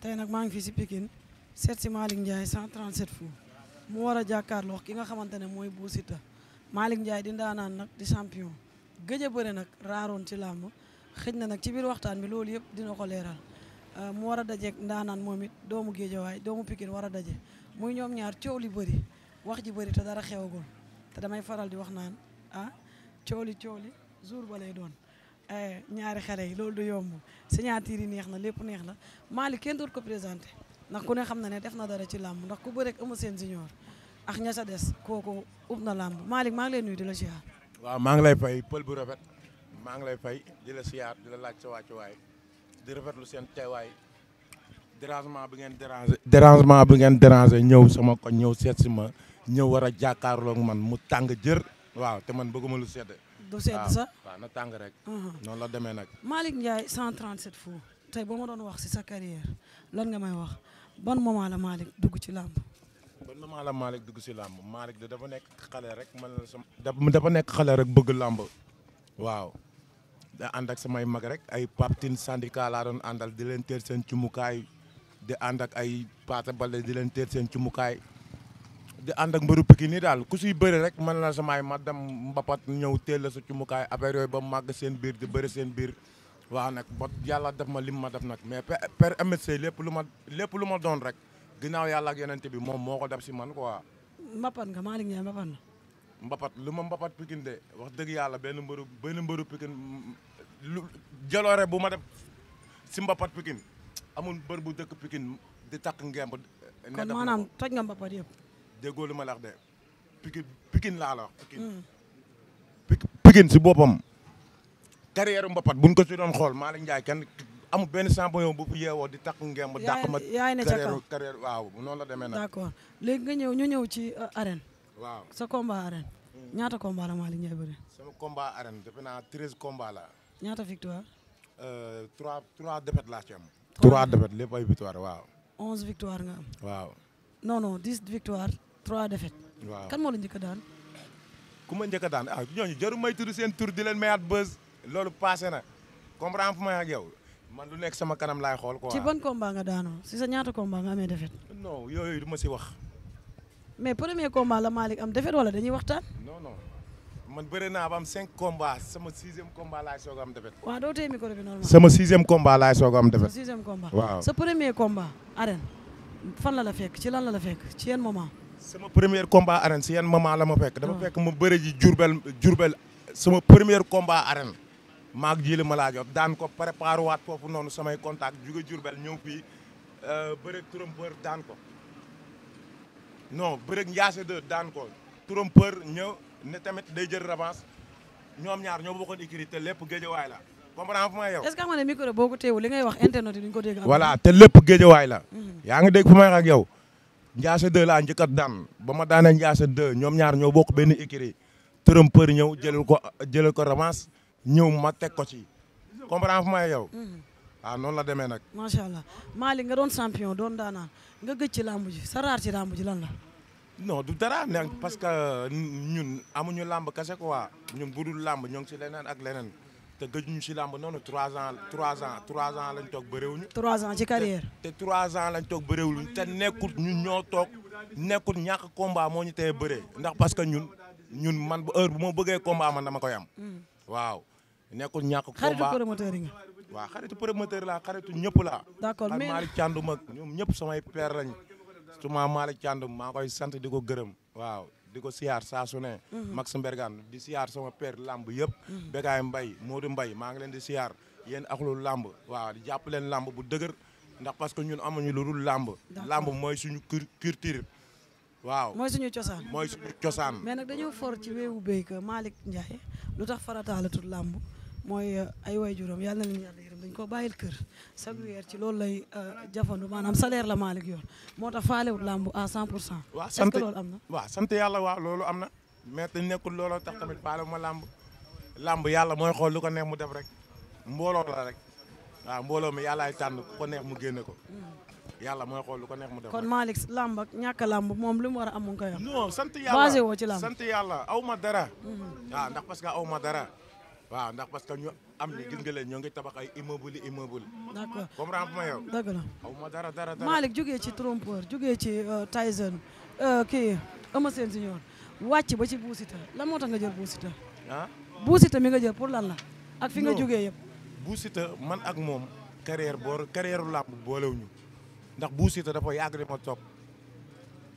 tey nag maa ngi fii si Pikine seet si Malick Ndiaye 137 fu mu war a jàkkaarloo ki nga xamante ne mooy Bou Siteu Malick Ndiaye di ndaanaan nag di champion gëj a bëre nag raaroon ci làmb xëj na nag ci biir waxtaan bi loolu yëpp dina ko leeral euh, mu war a dajeeg ndaanaan moom it doomu Géejawaay doomu Pikine war a daje muy ñoom ñaar coow li bëri wax ji bëri te dara xewagul te damay faral di wax naan ah coow li li jour ba lay doon Eh, ñaari xale yi loolu du yomb signature neex na lépp neex na Malick kenn dootu ko présenté ndax ku ne xam na ne def na dara ci làmb ndax ku bëreeg ama seen junior ak ña sa des kooku ko na làmb Malick maa ngi nuy nuyu di la siyaar. waaw maa ngi lay fay pël bu rafet maa ngi lay fay di la siyaar di la laaj sa wàccuwaay di rafetlu seen teewaay dérangement bu ngeen dérangé dérangement bi ngeen dérangé ñëw sama ko ñëw seet si ma ñëw war a jàkkaarloo ak man mu tàng jër waaw te man bëgguma lu sedd. du sedd sa waaw na tàng rek. noonu la demee nag. Malick Ndiaye 137 fois tey boo ma doon wax si sa carrière lan nga may wax ban moment la Malick dugg ci làmb. ban moment la Malick dugg si làmb Malick dafa nekk xale rek man la sama. dafa nekk xale rek bëgg làmb. waaw. da ànd ak samay mag rek ay paptin syndicat laa doon àndal di leen teel seen cumukaay di ànd ak ay paata bale di leen teel seen cumukaay. di ànd ak mbëru Pikine nii daal ku si bëri rek mën na samaay ma dem mbapat ñëw teel la sa cumukaay affaire yooyu ba màgg seen biir di bëri seen biir waaw nag ba yàlla def ma lim ma def nag mais per MSC lépp lu ma lépp lu ma doon rek ginnaaw yàlla ak yenente bi moom moo ko def si man quoi. mbapat nga Malick Ndiaye mbapat na. mbapat lu ma de wax dëgg yàlla benn mbëru benn mbëru Pikine lu jaloore bu ma def si mbapat Pikine amul bër bu dëkk Pikine di takk ngemb. kon maanaam toj nga mbapat déggoo li ma la de Pikine Pikine laa la wax Pikine si boppam carrière mbapat buñ ko si doon xool Malick Ndiaye kenn amu benn champion bu fi yeewoo di takk ngemb dàq ma carrière carrière waaw noonu la demee nag d'accord nga ñëw ñu ñëw ci euh, arène waaw sa combat arène mm. ñaata combat la Malick Ndiaye bëri sama combat arène defe naa treize combat ñaata victoire euh, trois trois laa ci am trois défaites lépp ay victoire waaw onze victoire nga am waaw non non dix victoire trois défaites. waaw kan moo la njëkka daan. ku ma njëkk daan ah ñooñu jaru may tudd seen tur dileen leen mayaat bës loolu passé na comprendre fu may ak yow man lu nekk sama kanam laay xool quoi. ci ban combat nga si sa ñaata combat nga amee défaite. yooyu du ma si wax. mais premier combat la Malick am défaite wala dañuy waxtaan. non non man bëre naa ba am cinq combats sama sixième combat laay soog am défaite. waaw doo téye micro bi normal. sama sixième combat laay soog am défaite. sa premier combat. arène fan la la fekk ci lan la la fekk ci yan moment. sama premier combat arène si yan moment la ma fekk. dama fekk ma bëre ji Jurbel Jurbel sama premier combat arène maak ji la ma laa jot daan ko préparé waat foofu noonu samay contact jóge Jurbel ñëw fii euh, bëre turam bër daan ko. no bëreeg Ndiasse 2 daan ko trompeur ñëw ne tamit day jël revanche ñoom ñaar ñoo bokkoon écurie te lépp waay la comprendre fu may yow. est-ce que xam nga ne micro boo ko teewul li ngay wax internet yi duñ ko dégg. voilà te lépp géejawaay la. Mm-hmm. yaa ngi dégg fu yow. Ndiasse 2 la njëkk a daan ba ma daanee Ndiasse 2 ñoom ñaar ñoo bokk benn écurie tërëm për ñëw jëlal ko jëlal ko revanche ñëw ma teg ko ci comprendre fu may yow. Mm-hmm. a ah, noonu la demee nag. macha allah Malick nga doon champion doon daanaan nga gëj ci làmb ji sa raar ci làmb ji lan la. non du dara ne parce que ñun amuñu làmb kese quoi ñun budul làmb ñoo ngi si leneen ak leneen. te gëjuñu si làmb noonu trois ans trois ans trois ans lañ toog bëréewuñu trois ans ci carrière te trois ans lañ toog bëréewuñu te nekkul ñun ñoo toog nekkul ñàkk combat moo ñu teye bëree ndax parce que ñun ñun man ba heure bu ma bëggee combat man dama koy am mm. waaw nekkul ñàkk combat xaritu promoteur yi nga waaw xaritu promoteur laa xaritu ñëpp laa d'accord mais Malick Thiandoum ak ñoom ñëpp samay père lañ suma Malick Thiandoum maa koy di ko gërëm waaw di ko siyaar saa su ne mhm. Max Mbergane di siyaar sama père lamb yëpp mhm. Bécaye Mbaye Modou Mbaye maa ngi leen di siyaar yéen axlu lamb waaw di jàpp leen lamb bu dëgër ndax parce que ñun amuñu lu dul lamb lamb mooy suñu culture waaw mooy suñu cosaan mooy suñu cosaan mais nag dañoo for ci wéewu béykat Malick Ndiaye lu tax farataalatul lamb mooy ay waajuram yàlla nañu yàlla dañ ko bàyyil kër chaque weer ci loolu lay euh, jafandu maanaam salaire la Malick yor moo tax faalewut làmb à 100 pour cent. waaw sant loolu am waaw sant yàlla waa loolu am na mais nekkul looloo tax tamit faale ma làmb làmb yàlla mooy xool lu ko neex mu def rek mbooloo la rek waaw mbooloo mi yàllaay tànn ku ko neex mu génne ko. Hmm. yàlla mooy xool lu ko neex mu def kon Malick làmb ak ñàkk làmb moom li mu war a am mu ngi koy am. sant yàlla basé woo ci sant yàlla aw ma dara. Hmm. waaw ndax parce que aw ma dara. waaw ndax parce que ñu am ni gis nga leen ñoo ngi tabax ay immeuble immeuble. d'accord comprendre ma yow. dëgg la xaw ma dara dara dara. Malick jógee ci trompeur jógee ci euh, Tyson euh, kii Eumeu Sène Junior wàcc ba ci Boussita lan moo tax nga jël Boussita. ah Boussita mi nga jël pour lan la. ak fi nga jógee yëpp. Boussita man ak moom carrière boor carrière làmb boolewuñu ndax Boussita dafa yàgg di ma topp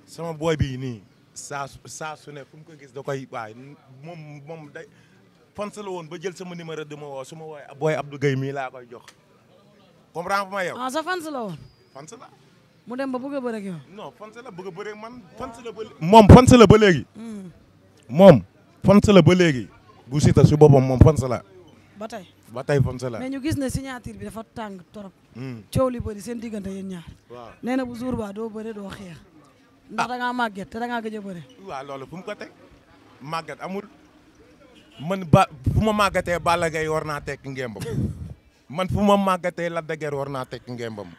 sama booy bi nii saa saa su ne fu mu ko gis da koy waaye moom moom day. fans la woon ba jël sama numéro di ma woo su ma woowee booy Abdou Gueye mii laa koy jox comprendre bu ma yow. ah sa fans la woon. fans mu dem ba bëgg a bëre ak yow. non a ba. moom fans la ba léegi. Hmm. moom fans la ba léegi. bu Siteu si boppam moom fans la. ba tey ba tey fans la. ñu gis ne signature bi dafa tàng torop. Hmm. coow li bëri seen diggante yéen ñaar. waaw nee na bu jour ba doo bare doo xeex. ndax ah. da ngaa màgget te da ngaa gëj a bëre. ko teg màgget amul. man ba fu ma màggatee Balla Gaye war naa tekki ngembam man fu ma màggatee Lac la deger war naa tekki ngembam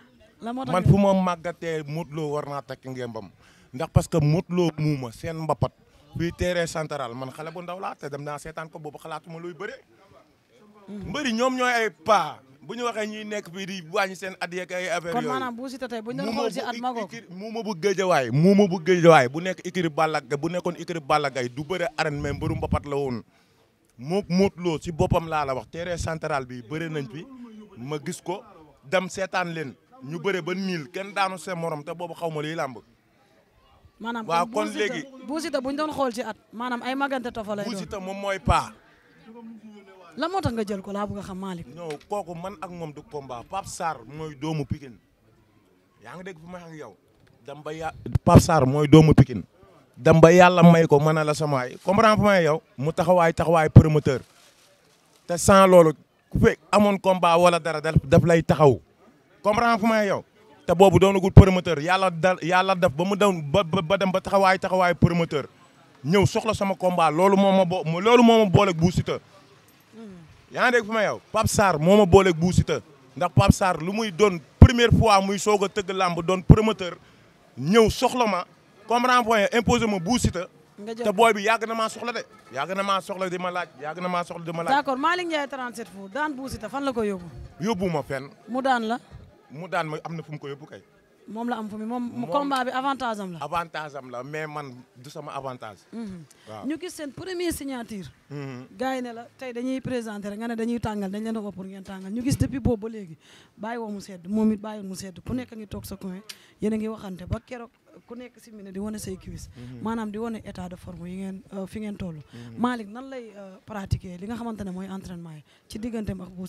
man fu ma màggatee Modou Lo war naa tekki ngembam ndax parce que Modou Lo muuma seen mbapat fii terrain central man xale bu ndaw laa te dem naa seetaan ko boobu xalaatuma luy bëre mbëri ñoom ñooy ay paa bu ñu waxee ñuy nekk fii di wàññi seen at yeeg ay affaire yooyu kon maanaam bu bu ñu doon muuma bu géejawaay muuma bu géejawaay bu nekk ikiri Balla Gaye bu nekkoon ikiri Balla Gaye du bëre arène mais mbëru mbapat la woon moo Modou loo si boppam laa la wax terrain centrale bi bëre nañ fi ma gis ko dem seetaan leen ñu bëre ba niil kenn daanu seen morom te boobu xaw ma lii làmb. maanaam waaw kon léegi Bou Siteu bu doon xool si at maanaam ay magante tofa lay doon moom mooy paa. la moo tax nga jël ko laa bëgg a xam Malick. non kooku man ak moom du combat Pape Sarr mooy doomu pikin yaa ngi dégg fi ma wax ak yow. dam ba ya Pape Sarr mooy doomu pikin dem ba yàlla may ko mën a la sama waay ma fu may yow mu taxawaay taxawaay promoteur te sans loolu ku fekk amoon combat wala dara daf lay taxaw comprendre fu may yow te boobu doonagul promoteur yàlla da yàlla def ba mu doon ba dem ba taxawaay taxawaay promoteur ñëw soxla sama combat loolu moo ma bo loolu moo ma booleeg yaa ngi dégg fu may yow Pape Sarr moo ma boole Bou Siteu ndax Pape lu muy doon première fois muy soog a tëgg làmb doon promoteur ñëw soxla ma comprendre point imposé ma Bou Siteu te booy bi yàgg na maa soxla de yàgg na maa soxla di ma laaj yàgg na maa soxla di ma laaj d'accord Malick Ndiaye 37 fu daan Bou Siteu fan la ko yóbbu yóbbu ma mu daan la mu daan ma am na fu mu ko yóbbu kay moom la am fu mi moom combat bi avantage am la. mais man du sama avantage. Mhm. ñu gis seen premier signature. Mhm. gars ne la tey dañuy présenter nga ne dañuy tàngal dañ leen a woo pour tàngal ñu gis depuis boobu ba léegi bàyyi woo a ngi waxante ba keroog ku nekk si mu ne di wane say cuisse. Mhm. maanaam di wane état de forme yi ngeen euh, fi ngeen toll. Malick nan lay euh, pratiquer li nga xamante mooy entraînement yi ci digganteem ak Bou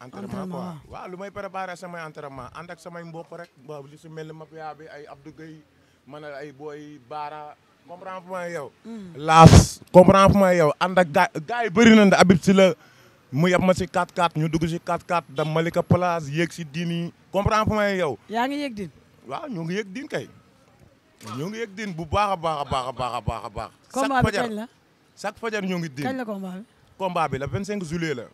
entraînement quoi waaw lu may préparé samay entraînement ànd ak samay mbokk rek boobu li si mel ni mafia bi ay Abdou Gueye man ay booy Baara comprends fu may yow hmm. laas comprends fu may yow ànd ak gaa gars yi bëri nañ da Habib si la mu yab ma si 4-4 ñu dugg si 4-4 da Malika place yéeg si diin yi ma fu may yow yaa ngi yéeg diin waaw ñu ngi yéeg diin kay ñu ngi yéeg diin bu baax a baax a baax a baax a baax a baax chaque fajar chaque fajar ñu ngi diin combat bi la 25 juillet la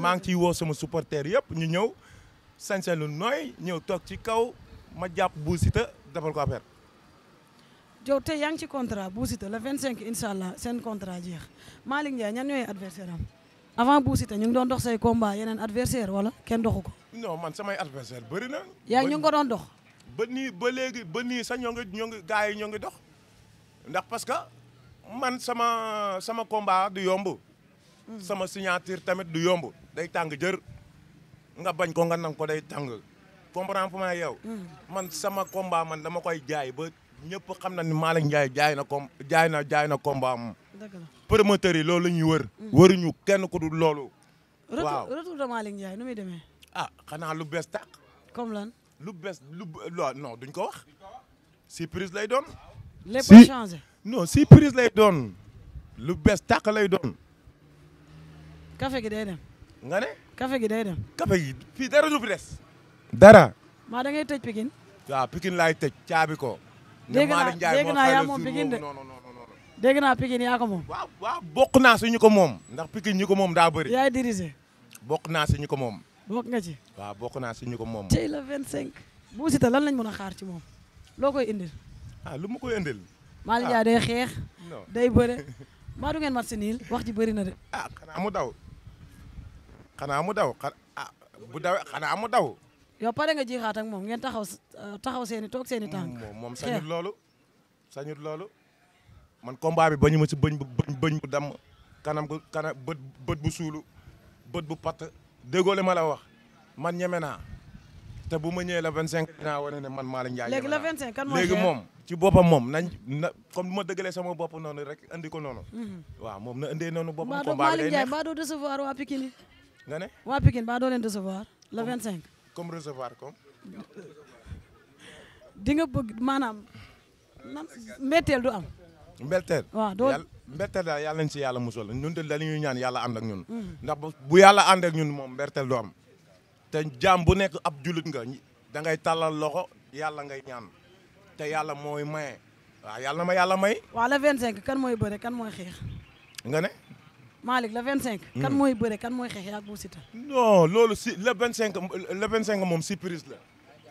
maa ngi ciy woo sama supporter yëpp ñu ñëw sañse lu nooy ñëw toog ci kaw ma jàpp Bou Siteu defal ko affaire. Jow te yaa ngi ci contrat Bou Siteu le 25 incha allah seen contrat jeex Malick Ndiaye ñan ñooy adversaire am avant Bou Siteu ñu ngi doon dox say combat yeneen adversaire wala kenn doxu ko. non man samay adversaire bëri na. yaa ngi ñu ngi ko doon dox. ba nii ba léegi ba nii sax ñoo ngi ñoo ngi gars yi ngi dox ndax parce que man sama sama combat di yomb. sama signature tamit du yomb day tàng jër nga bañ ko nga nang ko day tàng comprendre fu ma yow mm. man sama komba man dama koy jaay ba ñëpp xam na ni Malick Ndiaye jaay na com jaay na jaay na combat am promoteurs yi loolu la ñuy wër mm. wëruñu kenn ku dul loolu waaw retour de Malick Ndiaye nu muy demee ah xanaa lu bees tàq comme lu bees lu non duñ ko wax surprise lay doon lépp changé non surprise lay doon lu bees tàq lay doon kafe gi day dem. nga ne. kafe gi day dem. café gi fii dara du fi des. dara. maa da ngay tëj Pikine. waaw Pikine laay tëj caabi ko. dégg naa dégg naa yaa moom Pikine de non non non. dégg naa Pikine yaa ko moom. waaw waaw bokk naa suñu ko moom. ndax Pikine ñi ko moom daa bëri. yaay dirigé. bokk naa suñu ko moom. bokk nga ci. waaw bokk naa suñu ko moom. tey la 25. Bou Siteu lan lañ mën a xaar ci moom. loo koy indil. a ah, lu mu koy indil. maa Ndiaye ah. day xeex. day bëre. maa du ngeen mat si niil wax ji bari na de. ah xanaa mu daw. xanaa mu daw ah bu daw xanaa mu daw. yow pare nga jiixaat ak moom ngeen taxaw euh, taxaw seen i toog seen i moom sañut loolu sañut loolu. man combat bi bañu ma si bañ bu bëñ bu damm kanam bu kanam bët bët bu suulu bët bu patt déggoo ma la wax man ñeme naa te bu ma ñëwee la cinq dinaa wane ne man Malick Ndiaye. léegi la 25 kan moo léegi moom ci boppam moom nañ na comme ma dëggalee sama bopp noonu rek andi ko noonu. Mm-hmm. waaw moom na indee noonu boppam. combat bi day neex Malick waa Pikine nga ne. waa Pikine ba doo leen recevoir le cinq comme recevoir comme. di nga bëgg maanaam. nan mbetteel du am. mbetteel waaw doo mbetteel daal yàlla nañ si yàlla musal ñun tamit dañuy ñaan yàlla ànd ak ñun. Mm. ndax bu yàlla ànd ak ñun moom mbetteel du am. te jaam bu nekk ab julit nga da ngay tàllal loxo yàlla ngay ñaan te yàlla mooy maye. waa yàlla ma yàlla may. waaw le cinq kan mooy bëre kan mooy xeex. nga ne. Malick le cinq mm. kan mooy bëre kan mooy xeex ak Bou Siteu. non loolu si le 25 le 25 moom surprise la.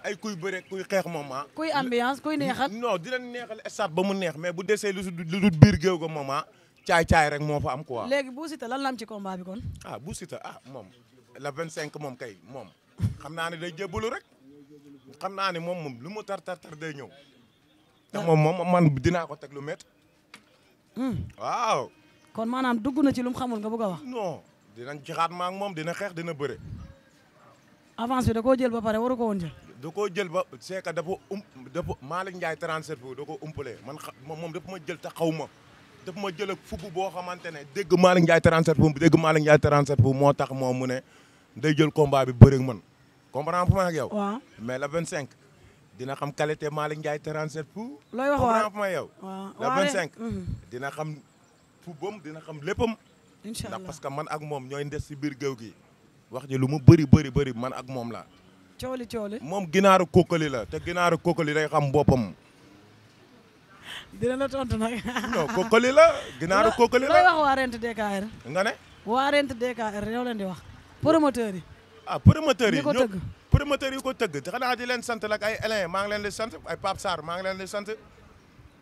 ay kuy bëre kuy xeex moom ah. kuy ambiance kuy neexal. non di leen neexal sat ba mu neex mais bu desee lu lu biir géew ko moom ah caay-caay rek moo fa am quoi. léegi Bou Siteu lan la am ci combat bi kon. ah Bou Siteu ah moom le 25 moom kay moom xam naa ne day jébbalu rek xam naa ne moom moom lu mu tar tar tar day ñëw. moom moom man dinaa ko teg lu hmm. waaw. kon maanaam dugg na ci lu mu xamul nga a wax. non dinañ jaxaat ma moom dina xeex dina bëre. avance bi da koo jël ba pare waru ko woon jël. da koo jël ba c'est que dafa um dafa Malick Ndiaye 37 foofu da koo umpalee man xa moom dafa ma jël te xaw ma. dafa ma jël ak boo xamante ne dégg Malick Ndiaye 37 foofu dégg Malick Ndiaye 37 foofu moo tax moom mu ne day jël combat bi bëre man comprendre fu ma ak yow. waaw mais la 25. dina xam qualité Malick Ndiaye 37 foofu. looy wax waaw comprendre fu ma yow. Mhm. dina xam. fubam dina xam léppam. incha allah ndax parce que man ak moom ñooy ndes si biir géew gi. wax ji lu mu bëri bëri bëri man ak moom la cooli cooli moom ginaaru kookali la te ginaaru kookali day xam boppam. dina la tontu nag. non kookali la ginaaru kookali la looy wax waa Rent DKR. nga ne. waa Rent DKR ñoo leen di wax. promoteurs yi. ah promoteurs yi ñoo ko tëgg promoteurs yi ko tëgg te xanaa di leen sant nag ay Elin maa ngi leen di sant ay Pape Sarr maa ngi leen di sant.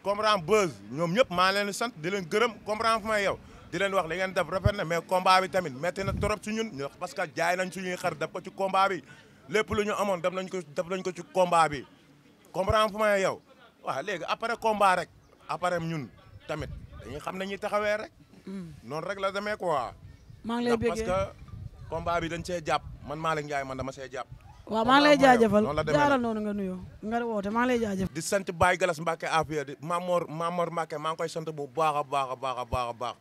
comprendre buzz ñoom ñëpp maa leen sant di leen gërëm comprendre fu may yow di leen wax li ngeen def rafet na mais combat bi tamit metti na trop ci ñun ñu wax parce que jaay nañ suñuy xar def ko ci combat bi lépp lu ñu amoon def nañ ko def nañ ko ci combat bi comprendre fu may yow waaw léegi après combat rek après ñun tamit dañuy xam ne ñuy taxawee rek. Mm. noonu rek la demee quoi. maa ngi lay bëggee parce bi dañ see jàpp man Malick Ndiaye man dama see jàpp. waaw maa ngi lay jaajëfal jaaral noonu nga nuyoo nga woote maa ngi lay di sant Baye Galas Mbacke Afia di Mamor Mamor Mbacke maa ngi koy sant bu baax a baax a a baax a baax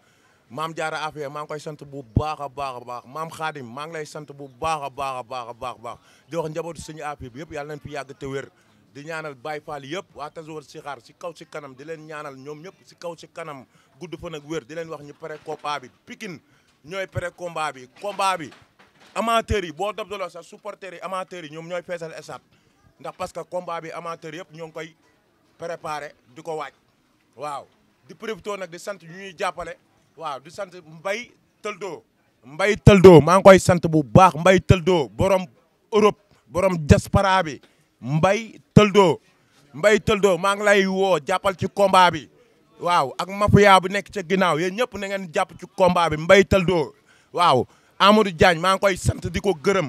maam maa ngi koy sant bu baax a baax a baax maam Xaadim maa ngi lay sant bu baax a baax a baax a baax baax di wax njabootu suñu Afia yëpp yàlla nañ fi yàgg te wér di ñaanal Baye Fall yëpp waa Tasawar Sixaar si kaw si kanam di leen ñaanal ñoom ñëpp si kaw si kanam gudd fan ak wér di leen wax ñu pare combat bi Pikine ñooy pare combat bi combat bi amateurs yi boo dabdaloo sa supporters yi amateurs yi ñoom ñooy feesal stade ndax parce que combat bi amateurs yëpp ñoo ngi koy préparé di ko waaj waaw di profité nag di sant ñuy jàppale waaw di sant mbay Tëldoo mbay Tëldoo maa ngi koy sant bu baax mbay Tëldoo borom Europe borom diaspora bi Mbaye Tëldoo Mbaye maa ngi lay woo jàppal ci combat bi waaw ak mafia bu nekk ca ginnaaw yéen ñëpp na ngeen jàpp ci combat bi Mbaye waaw Amadou jaañ maa ngi koy sant di ko gërëm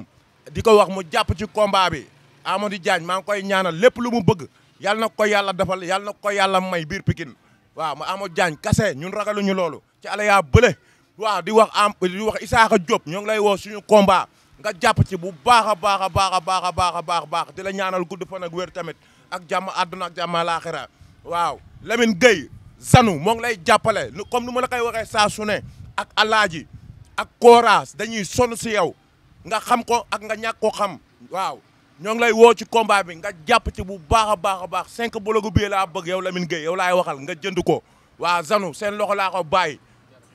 di ko wax mu jàpp ci combat bi Amadou jaañ maa ngi koy ñaanal lépp lu mu bëgg yàlla na ko yàlla defal yàlla na ko yàlla may biir pikin waaw ma Amadou Diagne kase ñun ragaluñu loolu ci ala yaa bële waaw di wax am di wax Isaaxa Diop ñoo ngi lay woo suñu kombaa nga jàpp ci bu baax a baax a baax a baax a baax a baax baax di la ñaanal gudd fan ak wér tamit ak jàmm àdduna ak jàmm laaxira waaw Lamine Gueye Zanu moo ngi lay jàppale comme nu ma la koy waxee saa su ne ak alaaji ak courage dañuy sonn si yow nga xam ko ak nga ñàkk ko xam waaw ñoo ngi lay woo ci combat bi nga jàpp ci bu baax a baax a baax cinq bologu bi laa bëgg yow Lamine Gueye yow laay waxal nga jënd ko waa zanu seen loxo laa ko baay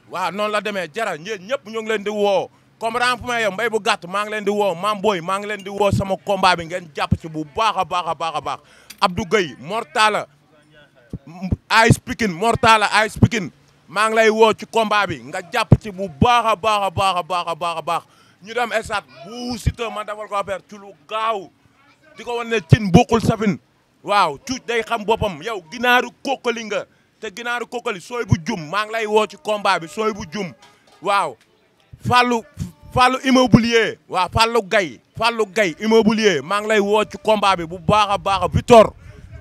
waa noonu la demee jara ñeen ñëpp ñoo ngi leen di woo comprendre point yow mbay bu gàtt maa ngi leen di woo maam booy maa ngi leen di woo sama combat bi ngeen jàpp ci bu baax a baax a baax a baax Abdou Gueye Mortala ay spikin Mortala ay spikin maa ngi lay woo ci combat bi nga jàpp ci bu baax a baax a baax a baax a baax a baax ñu dem esat bu Siteu ma defal ko affaire ci gaaw di ko wan cin bokkul safin waaw cu day xam boppam yow ginaaru kokkali nga te ginaaru kokkali sooy bu jum maa ngi lay woo ci combat bi sooy bu jum waaw fàllu fàllu immobilier waaw fàllu gay fàllu gay immobilier maa ngi lay woo ci combat bi bu baax a baax a Victor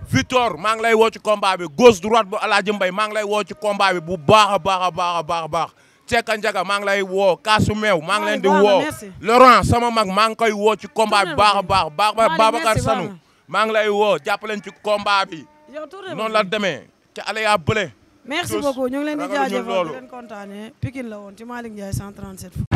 Victor maa ngi lay woo ci combat bi gauche droite bu Alaaji Mbay maa ngi lay woo ci combat bu baax a baax a baax a baax a baax Cekka maa ngi lay woo Kaasu Meew maa ngi leen di woo Laurent sama mag maa ngi koy woo ci combat bi baax baax baax baax Babacar Sanu maa ngi lay woo jàppaleen ci combat bi noonu la demee te Alaya Bële merci beaucoup ñu ngi leen di jaajëfal di la woon ci Malick Ndiaye 137